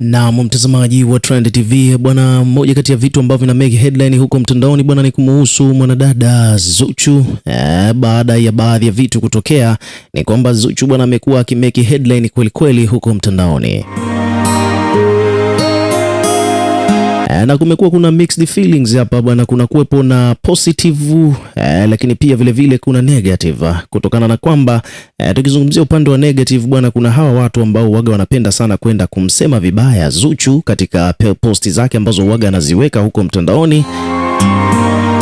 Na mtazamaji wa Trend TV bwana, moja kati ya vitu ambavyo vina make headline huko mtandaoni bwana ni kumuhusu mwanadada Zuchu. E, baada ya baadhi ya vitu kutokea, ni kwamba Zuchu bwana amekuwa akimeki headline kweli kweli huko mtandaoni. Eh, na kumekuwa kuna mixed feelings hapa bwana, kuna kuwepo na positive eh, lakini pia vilevile vile kuna negative, kutokana na kwamba eh, tukizungumzia upande wa negative bwana, kuna hawa watu ambao waga wanapenda sana kwenda kumsema vibaya Zuchu katika posti zake ambazo waga anaziweka huko mtandaoni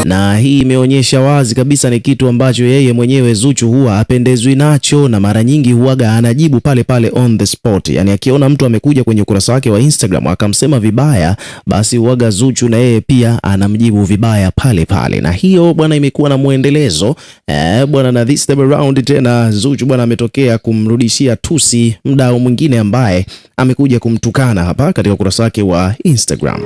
na hii imeonyesha wazi kabisa ni kitu ambacho yeye mwenyewe Zuchu huwa apendezwi nacho, na mara nyingi huaga anajibu pale pale on the spot. Yani akiona mtu amekuja kwenye ukurasa wake wa Instagram akamsema vibaya, basi huaga Zuchu na yeye pia anamjibu vibaya pale pale, na hiyo bwana imekuwa na mwendelezo eh, bwana, na this time around tena Zuchu bwana ametokea kumrudishia tusi mdau mwingine ambaye amekuja kumtukana hapa katika ukurasa wake wa Instagram.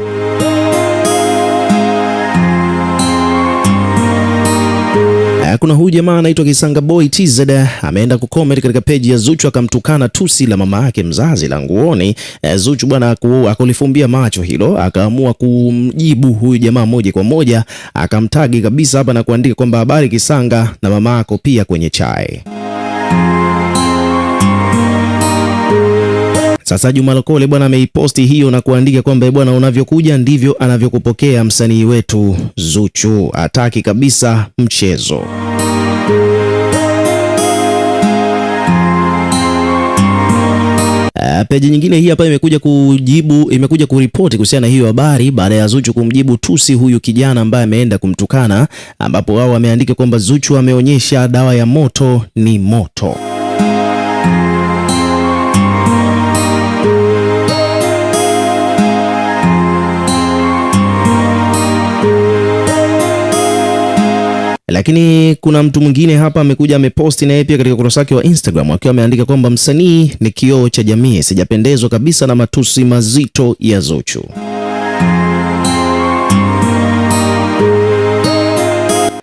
kuna huyu jamaa anaitwa Kisanga Boy TZ ameenda comment katika peji ya Zuchu akamtukana tusi la mama yake mzazi la nguoni. Eh, Zuchu bwana akulifumbia macho hilo, akaamua kumjibu huyu jamaa moja kwa moja, akamtagi kabisa hapa na kuandika kwamba habari Kisanga, na mama yako pia kwenye chai sasa Juma Lokole bwana ameiposti hiyo na kuandika kwamba eh bwana, unavyokuja ndivyo anavyokupokea msanii wetu Zuchu, hataki kabisa mchezo. Ah, peji nyingine hii hapa imekuja kujibu, imekuja kuripoti kuhusiana na hiyo habari baada ya Zuchu kumjibu tusi huyu kijana ambaye ameenda kumtukana, ambapo wao wameandika kwamba Zuchu ameonyesha dawa ya moto ni moto. Lakini kuna mtu mwingine hapa amekuja ameposti na yeye pia katika ukurasa wake wa Instagram akiwa ameandika kwamba msanii ni kioo cha jamii, sijapendezwa kabisa na matusi mazito ya Zuchu.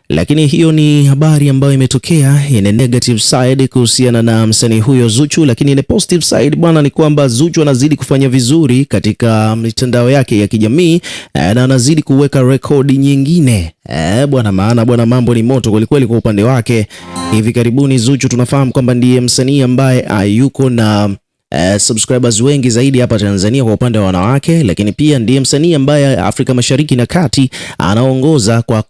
Lakini hiyo ni habari ambayo imetokea, ina negative side kuhusiana na msanii huyo Zuchu, lakini ina positive side bwana ni kwamba Zuchu anazidi kufanya vizuri katika mitandao yake ya kijamii eh, na anazidi kuweka rekodi nyingine. Eh, bwana maana bwana mambo ni moto kwelikweli kwa upande wake. Hivi karibuni Zuchu tunafahamu kwamba ndiye msanii ambaye ah, yuko na Uh, subscribers wengi zaidi hapa Tanzania kwa upande wa wanawake, lakini pia ndiye msanii ambaye Afrika Mashariki na Kati anaongoza kwa,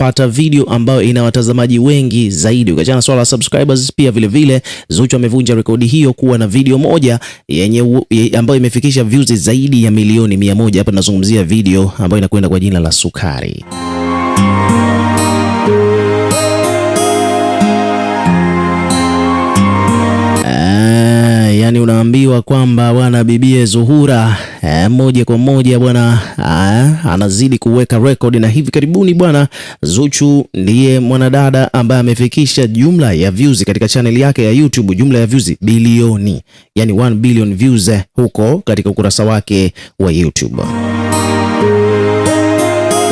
pata video ambayo ina watazamaji wengi zaidi. Ukiachana na swala la subscribers, pia vile vile Zuchu amevunja rekodi hiyo kuwa na video moja yenye ambayo imefikisha views zaidi ya milioni mia moja. Hapa nazungumzia video ambayo inakwenda kwa jina la Sukari. Ah, yani unaambiwa kwamba bwana, bibie Zuhura eh, moja kwa moja bwana eh, anazidi kuweka record, na hivi karibuni bwana Zuchu ndiye mwanadada ambaye amefikisha jumla ya views katika channel yake ya YouTube, jumla ya views bilioni, yani 1 billion views eh, huko katika ukurasa wake wa YouTube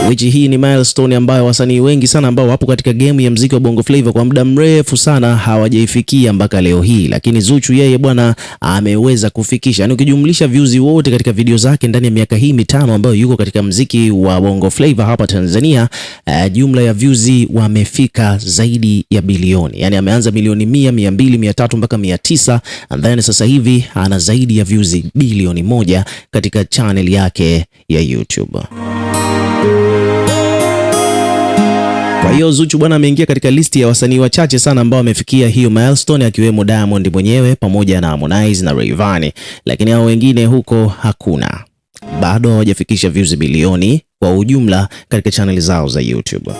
which hii ni milestone ambayo wasanii wengi sana ambao wapo katika game ya mziki wa Bongo Flava kwa muda mrefu sana hawajaifikia mpaka leo hii, lakini Zuchu yeye bwana ameweza kufikisha, yaani ukijumlisha views wote katika video zake ndani ya miaka hii mitano ambayo yuko katika mziki wa Bongo Flava hapa Tanzania, uh, jumla ya views wamefika zaidi ya bilioni, yaani ameanza milioni mia, mia mbili, mia tatu mpaka mia tisa and then sasa hivi ana zaidi ya views bilioni moja katika channel yake ya YouTube. hiyo Zuchu bwana ameingia katika listi ya wasanii wachache sana ambao wamefikia hiyo milestone, akiwemo Diamond mwenyewe pamoja na Harmonize na Rayvanny, lakini hao wengine huko hakuna, bado hawajafikisha views bilioni kwa ujumla katika chaneli zao za YouTube.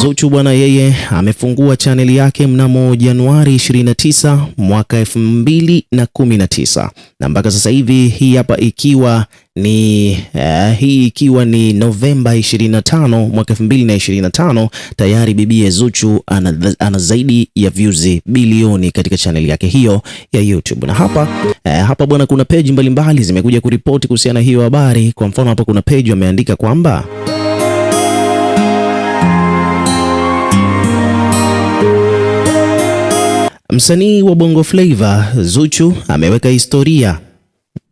Zuchu bwana, yeye amefungua chaneli yake mnamo Januari 29 mwaka 2019 na na mpaka sasa hivi hii hapa ikiwa ni uh, hii ikiwa ni Novemba 25 mwaka 2025, tayari bibie Zuchu ana, ana zaidi ya views bilioni katika chaneli yake hiyo ya YouTube. Na hapa uh, hapa bwana, kuna page mbalimbali zimekuja kuripoti kuhusiana hiyo habari. Kwa mfano hapa kuna page ameandika kwamba Msanii wa Bongo Flava Zuchu ameweka historia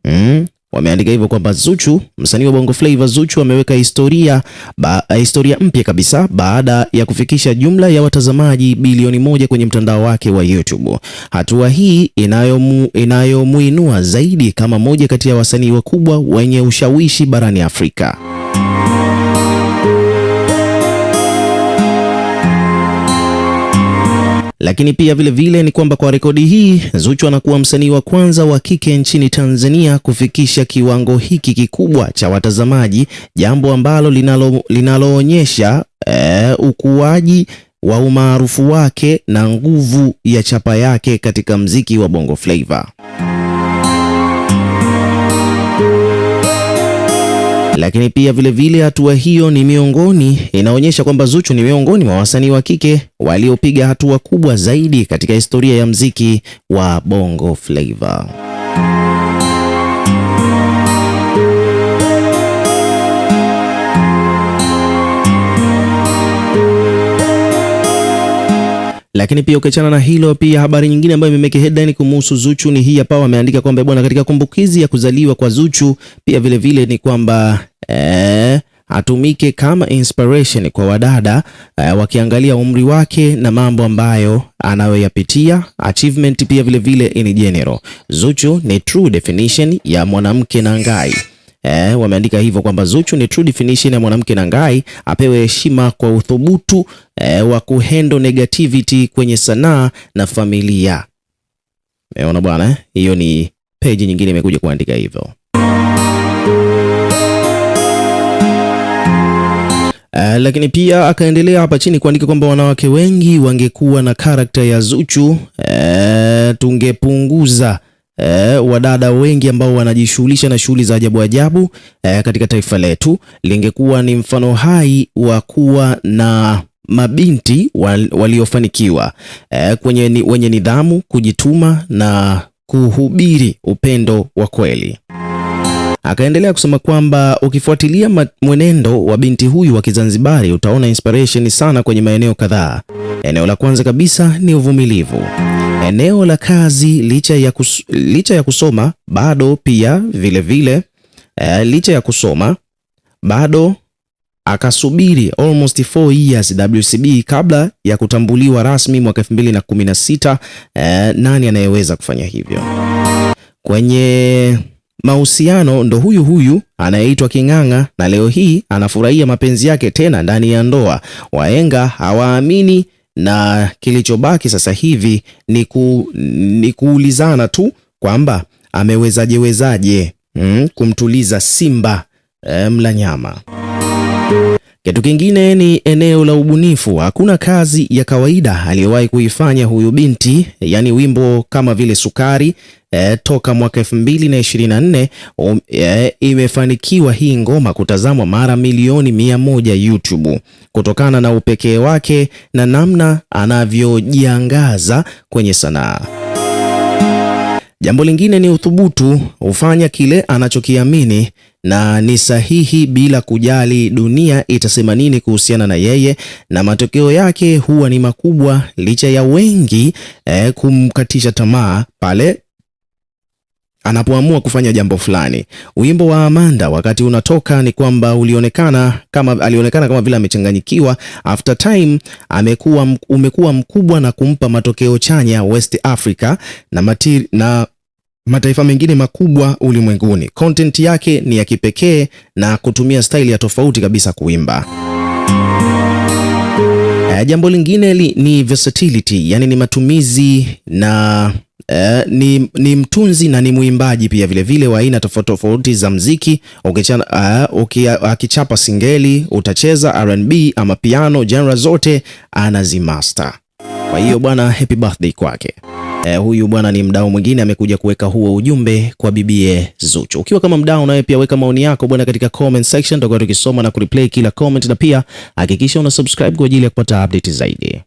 mm. Wameandika hivyo kwamba Zuchu, msanii wa Bongo Flava Zuchu ameweka historia, ba, historia mpya kabisa baada ya kufikisha jumla ya watazamaji bilioni moja kwenye mtandao wake wa YouTube. Hatua hii inayomu, inayomuinua zaidi kama moja kati ya wasanii wakubwa wenye ushawishi barani Afrika. Lakini pia vile vile ni kwamba kwa rekodi hii Zuchu anakuwa msanii wa kwanza wa kike nchini Tanzania kufikisha kiwango hiki kikubwa cha watazamaji, jambo ambalo linaloonyesha e, ukuaji wa umaarufu wake na nguvu ya chapa yake katika mziki wa Bongo Flava. Lakini pia vilevile hatua hiyo ni miongoni inaonyesha kwamba Zuchu ni miongoni mwa wasanii wa kike waliopiga hatua kubwa zaidi katika historia ya mziki wa Bongo Flava. Lakini pia ukiachana na hilo, pia habari nyingine ambayo imemeke headline kumhusu Zuchu ni hii hapa. Wameandika kwamba bwana, katika kumbukizi ya kuzaliwa kwa Zuchu pia vile vile ni kwamba eh, atumike kama inspiration kwa wadada eh, wakiangalia umri wake na mambo ambayo anayoyapitia achievement, pia vile vile in general. Zuchu ni true definition ya mwanamke na ngai eh, wameandika hivyo kwamba Zuchu ni true definition ya mwanamke Nangai, apewe heshima kwa uthubutu eh, wa kuhandle negativity kwenye sanaa na familia. Eh, Umeona bwana, eh? hiyo ni peji nyingine imekuja kuandika hivyo. Uh, lakini pia akaendelea hapa chini kuandika kwamba wanawake wengi wangekuwa na karakta ya Zuchu, uh, tungepunguza e, wadada wengi ambao wanajishughulisha na shughuli za ajabu ajabu e, katika taifa letu, lingekuwa ni mfano hai wa kuwa na mabinti waliofanikiwa e, kwenye wenye nidhamu, kujituma na kuhubiri upendo wa kweli. Akaendelea kusema kwamba ukifuatilia mwenendo wa binti huyu wa Kizanzibari utaona inspiration sana kwenye maeneo kadhaa. Eneo la kwanza kabisa ni uvumilivu eneo la kazi licha ya, kus, licha ya kusoma bado pia vilevile vile, uh, licha ya kusoma bado akasubiri almost 4 years WCB kabla ya kutambuliwa rasmi mwaka 2016. Eh, nani anayeweza kufanya hivyo? Kwenye mahusiano ndo huyu huyu anayeitwa King'ang'a, na leo hii anafurahia mapenzi yake tena ndani ya ndoa. waenga hawaamini na kilichobaki sasa hivi ni, ku, ni kuulizana tu kwamba amewezaje wezaje mm, kumtuliza simba eh, mla nyama. Kitu kingine ni eneo la ubunifu. Hakuna kazi ya kawaida aliyowahi kuifanya huyu binti, yaani wimbo kama vile Sukari e, toka mwaka 2024 um, e, imefanikiwa hii ngoma kutazamwa mara milioni mia moja YouTube kutokana na upekee wake na namna anavyojiangaza kwenye sanaa. Jambo lingine ni uthubutu, hufanya kile anachokiamini na ni sahihi bila kujali dunia itasema nini kuhusiana na yeye, na matokeo yake huwa ni makubwa licha ya wengi eh, kumkatisha tamaa pale anapoamua kufanya jambo fulani. Wimbo wa Amanda wakati unatoka ni kwamba ulionekana kama alionekana kama vile amechanganyikiwa. After time amekuwa umekuwa mkubwa na kumpa matokeo chanya West Africa na matiri, na mataifa mengine makubwa ulimwenguni. Content yake ni ya kipekee na kutumia style ya tofauti kabisa kuimba. Eh, jambo lingine li, ni versatility, yani ni matumizi na Eh, ni, ni mtunzi na ni mwimbaji pia vilevile wa aina tofauti tofauti za mziki. Eh, akichapa uh, singeli, utacheza R&B ama piano, genre zote anazimaster. Kwa hiyo bwana, happy birthday kwake. Eh, huyu bwana ni mdau mwingine amekuja kuweka huo ujumbe kwa bibie Zuchu. Ukiwa kama mdau, nawe pia weka maoni yako bwana katika comment section, tutakuwa tukisoma na kureplay kila comment, na pia hakikisha una subscribe kwa ajili ya kupata update zaidi.